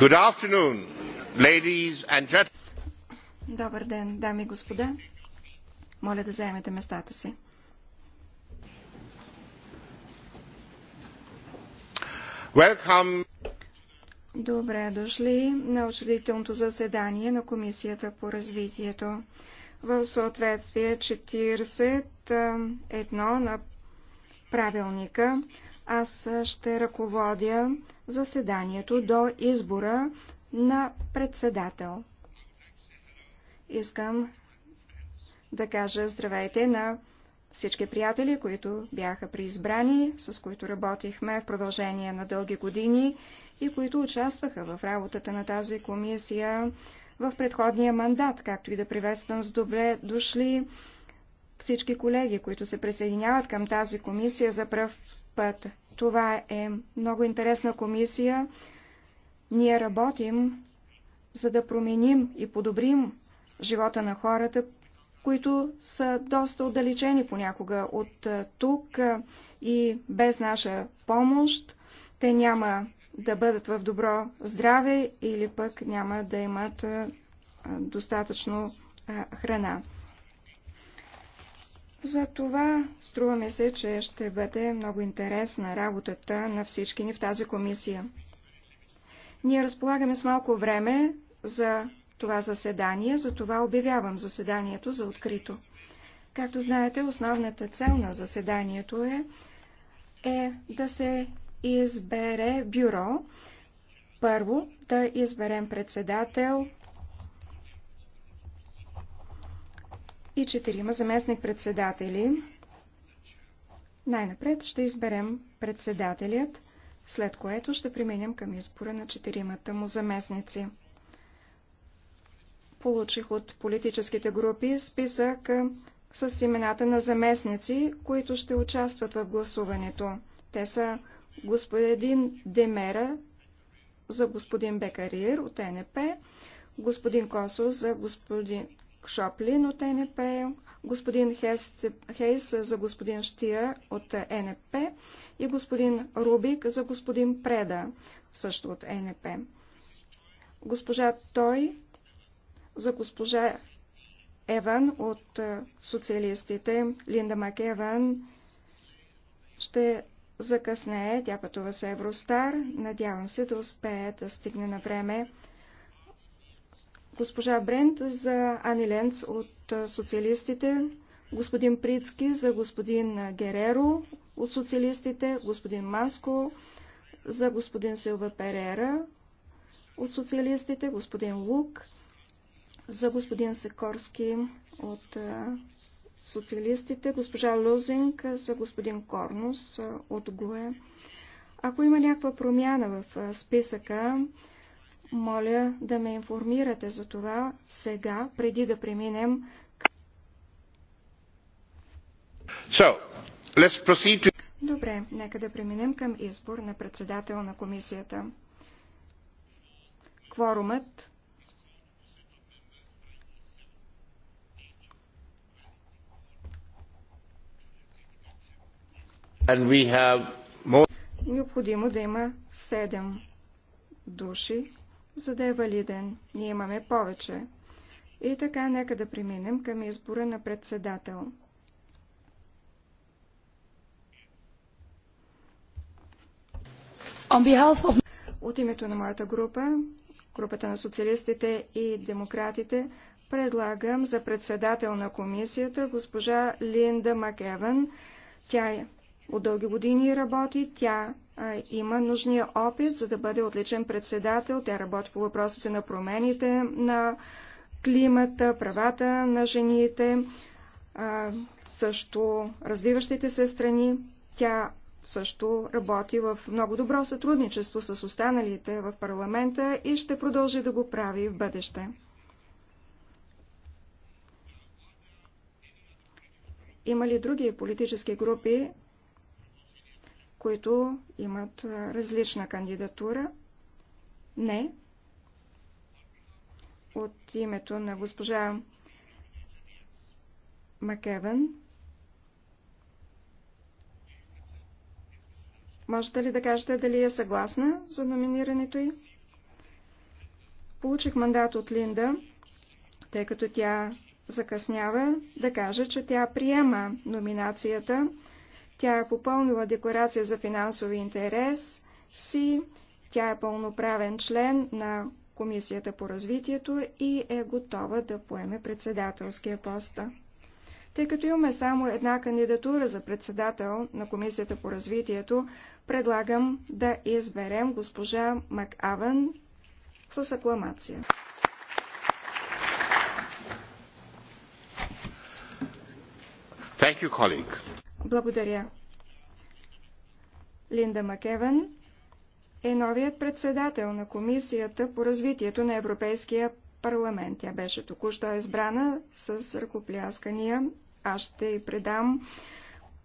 Good afternoon, ladies and gentlemen. Добър ден, дами и господа. Моля да заемете местата си. Welcome. Добре дошли на учредителното заседание на Комисията по развитието. В съответствие 41 на правилника аз ще ръководя заседанието до избора на председател. Искам да кажа здравейте на всички приятели, които бяха преизбрани, с които работихме в продължение на дълги години и които участваха в работата на тази комисия в предходния мандат, както и да приветствам с добре дошли всички колеги, които се присъединяват към тази комисия за пръв път. Това е много интересна комисия. Ние работим, за да променим и подобрим живота на хората, които са доста отдалечени понякога от тук и без наша помощ. Те няма да бъдат в добро здраве или пък няма да имат достатъчно храна. За това струваме се, че ще бъде много интересна работата на всички ни в тази комисия. Ние разполагаме с малко време за това заседание, за това обявявам заседанието за открито. Както знаете, основната цел на заседанието е, е да се избере бюро. Първо да изберем председател, и четирима заместник-председатели. Най-напред ще изберем председателят, след което ще преминем към избора на четиримата му заместници. Получих от политическите групи списък с имената на заместници, които ще участват в гласуването. Те са господин Демера за господин Бекариер от НП, господин Косо за господин Шоплин от НП, господин Хейс, Хейс за господин Штия от НП и господин Рубик за господин Преда, също от НП. Госпожа Той за госпожа Еван от е, социалистите, Линда Макеван ще закъснее, тя пътува с Евростар, надявам се да успее да стигне на време госпожа Брент за Ани Ленц от социалистите, господин Прицки за господин Гереро от социалистите, господин Маско за господин Силва Перера от социалистите, господин Лук за господин Секорски от социалистите, госпожа Лозинг за господин Корнус от ГУЕ. Ако има някаква промяна в списъка, моля да ме информирате за това сега, преди да преминем. So, let's proceed to... Добре, нека да преминем към избор на председател на комисията. Кворумът And we have more... Необходимо да има 7 души за да е валиден. Ние имаме повече. И така, нека да преминем към избора на председател. От името на моята група, групата на социалистите и демократите, предлагам за председател на комисията госпожа Линда Макеван. Тя е- от дълги години работи, тя има нужния опит, за да бъде отличен председател. Тя работи по въпросите на промените на климата, правата на жените, също развиващите се страни. Тя също работи в много добро сътрудничество с останалите в парламента и ще продължи да го прави в бъдеще. Има ли други политически групи, които имат различна кандидатура. Не. От името на госпожа Макевен. Можете ли да кажете дали е съгласна за номинирането й? Получих мандат от Линда, тъй като тя закъснява да каже, че тя приема номинацията тя е попълнила декларация за финансови интерес си, тя е пълноправен член на Комисията по развитието и е готова да поеме председателския пост. Тъй като имаме само една кандидатура за председател на Комисията по развитието, предлагам да изберем госпожа МакАвен с акламация. Thank you, colleagues. Благодаря. Линда Макевен е новият председател на Комисията по развитието на Европейския парламент. Тя беше току-що избрана с ръкопляскания. Аз ще й предам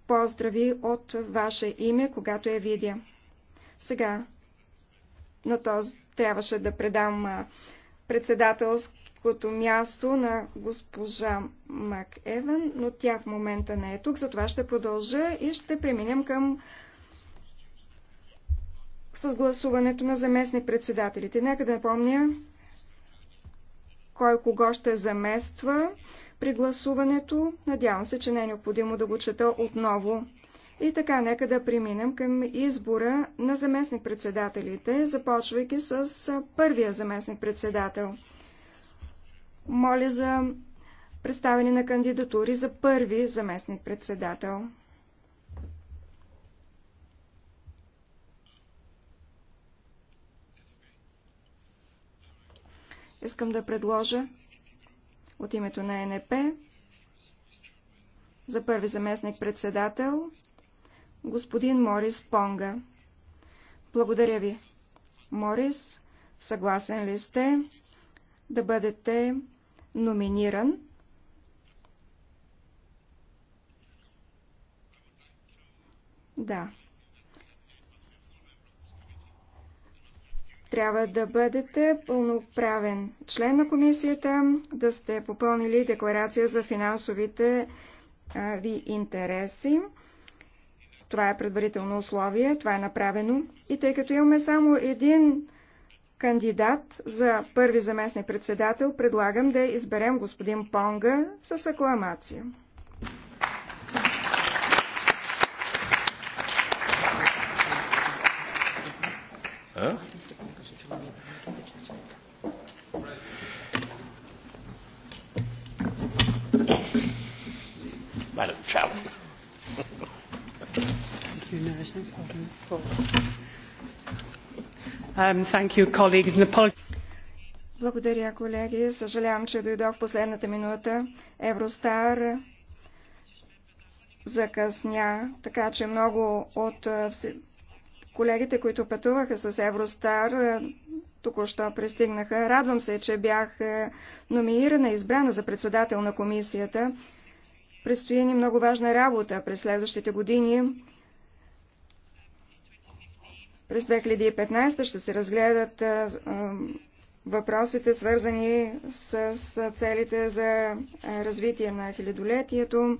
поздрави от ваше име, когато я видя. Сега на този трябваше да предам председателска като място на госпожа МакЕвен, но тя в момента не е тук, затова ще продължа и ще преминем към с гласуването на заместни председателите. Нека да напомня кой кого ще замества при гласуването. Надявам се, че не е необходимо да го чета отново. И така, нека да преминем към избора на заместник-председателите, започвайки с първия заместник-председател – моля за представяне на кандидатури за първи заместник-председател. Искам да предложа от името на НП за първи заместник-председател господин Морис Понга. Благодаря ви. Морис, съгласен ли сте да бъдете номиниран. Да. Трябва да бъдете пълноправен член на комисията, да сте попълнили декларация за финансовите а, ви интереси. Това е предварително условие, това е направено. И тъй като имаме само един кандидат за първи заместник председател предлагам да изберем господин Понга с акламация. А? Madam Chairman. Thank you, National Parliament. Um, Благодаря, колеги. Съжалявам, че дойдох в последната минута. Евростар закъсня, така че много от колегите, които пътуваха с Евростар, току-що пристигнаха. Радвам се, че бях номинирана и избрана за председател на комисията. Предстои ни много важна работа през следващите години през 2015 ще се разгледат въпросите, свързани с целите за развитие на хилядолетието.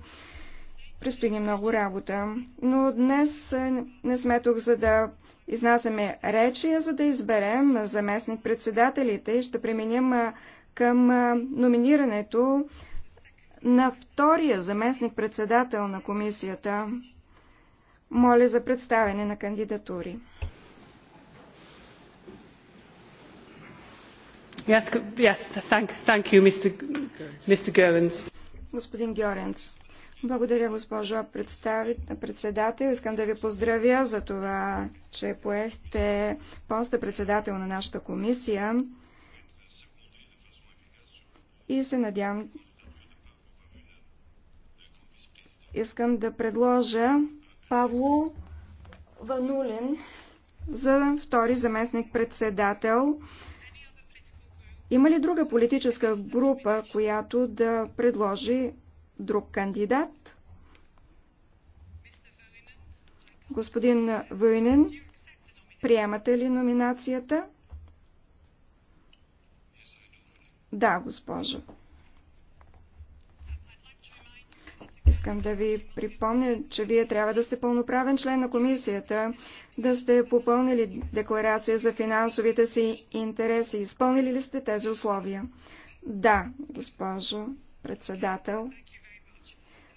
Престои ни много работа. Но днес не сме тук, за да изнасяме речи, за да изберем заместник председателите и ще преминем към номинирането на втория заместник председател на комисията. Моля за представяне на кандидатури. Господин Гьоренс. благодаря, госпожо председател. Искам да ви поздравя за това, че поехте поста председател на нашата комисия и се надявам. Искам да предложа Павло Ванулин за втори заместник председател има ли друга политическа група, която да предложи друг кандидат? Господин Войнен, приемате ли номинацията? Да, госпожо. Искам да ви припомня, че вие трябва да сте пълноправен член на комисията да сте попълнили декларация за финансовите си интереси. Изпълнили ли сте тези условия? Да, госпожо председател.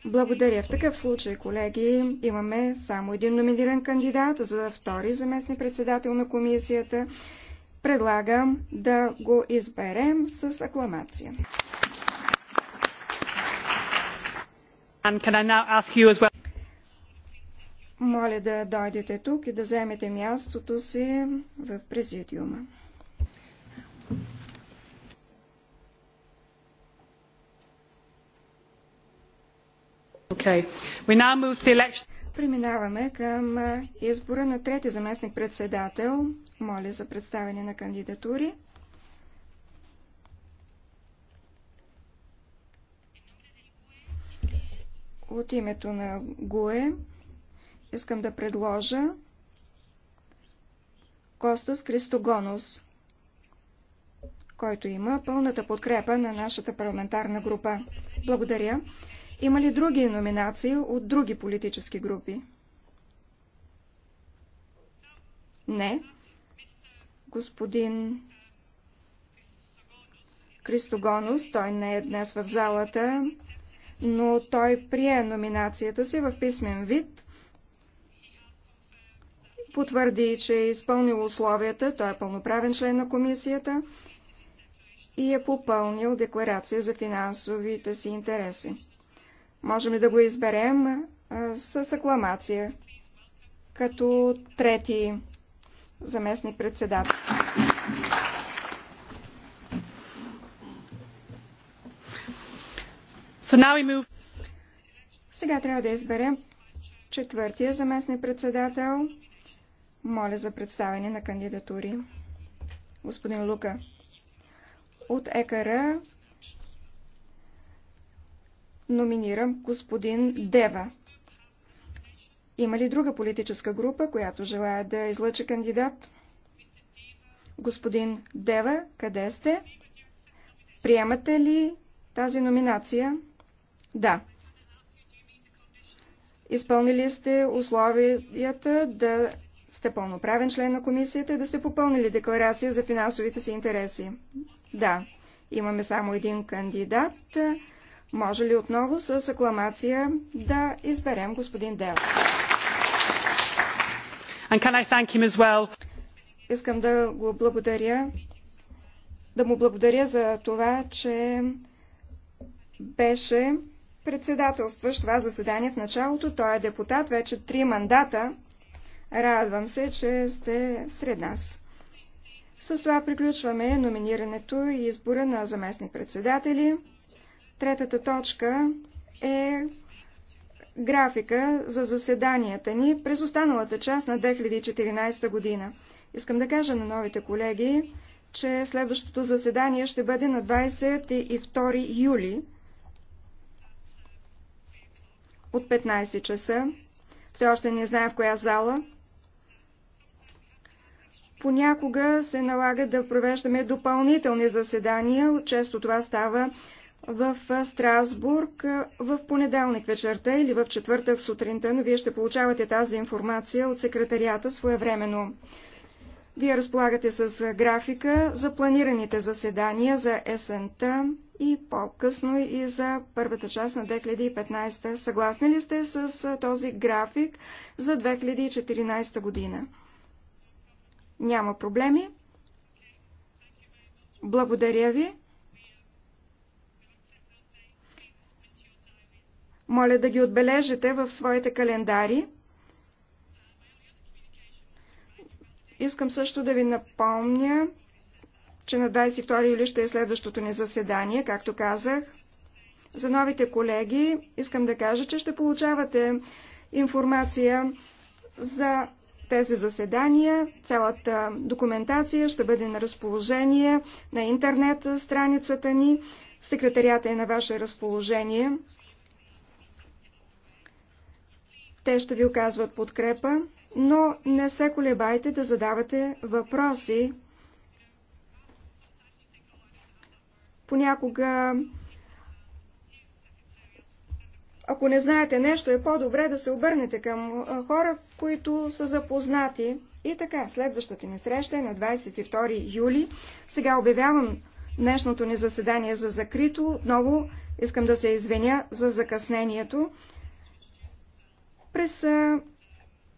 Благодаря. В такъв случай, колеги, имаме само един номиниран кандидат за втори заместни председател на комисията. Предлагам да го изберем с акламация. And can I now ask you as well? Моля да дойдете тук и да вземете мястото си в президиума. Okay. We now move to election. Преминаваме към избора на трети заместник председател. Моля за представяне на кандидатури. От името на ГУЕ искам да предложа Костас Кристогонос, който има пълната подкрепа на нашата парламентарна група. Благодаря. Има ли други номинации от други политически групи? Не. Господин Кристогонос, той не е днес в залата, но той прие номинацията си в писмен вид потвърди, че е изпълнил условията, той е пълноправен член на комисията и е попълнил декларация за финансовите си интереси. Можем да го изберем а, с акламация като трети заместник председател. So now we move... Сега трябва да изберем четвъртия заместник председател моля за представяне на кандидатури. Господин Лука. От ЕКР номинирам господин Дева. Има ли друга политическа група, която желая да излъчи кандидат? Господин Дева, къде сте? Приемате ли тази номинация? Да. Изпълнили сте условията да сте пълноправен член на комисията и да сте попълнили декларация за финансовите си интереси. Да, имаме само един кандидат. Може ли отново с акламация да изберем господин Дел? Well? Искам да го благодаря, да му благодаря за това, че беше председателстващ това заседание в началото. Той е депутат вече три мандата Радвам се, че сте сред нас. С това приключваме номинирането и избора на заместник-председатели. Третата точка е графика за заседанията ни през останалата част на 2014 година. Искам да кажа на новите колеги, че следващото заседание ще бъде на 22 юли от 15 часа. Все още не знаем в коя зала. Понякога се налага да провеждаме допълнителни заседания. Често това става в Страсбург в понеделник вечерта или в четвъртък сутринта, но вие ще получавате тази информация от секретарията своевременно. Вие разполагате с графика за планираните заседания за есента и по-късно и за първата част на 2015. Съгласни ли сте с този график за 2014 година? Няма проблеми. Благодаря ви. Моля да ги отбележите в своите календари. Искам също да ви напомня, че на 22 юли ще е следващото ни заседание, както казах. За новите колеги искам да кажа, че ще получавате информация за тези заседания. Цялата документация ще бъде на разположение на интернет страницата ни. Секретарията е на ваше разположение. Те ще ви оказват подкрепа, но не се колебайте да задавате въпроси. Понякога ако не знаете нещо, е по-добре да се обърнете към хора, които са запознати. И така, следващата ни среща е на 22 юли. Сега обявявам днешното ни заседание за закрито. Отново искам да се извиня за закъснението. През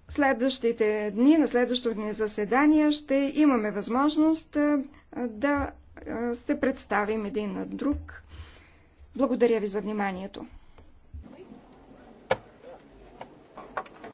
следващите дни, на следващото ни заседание, ще имаме възможност да се представим един на друг. Благодаря ви за вниманието.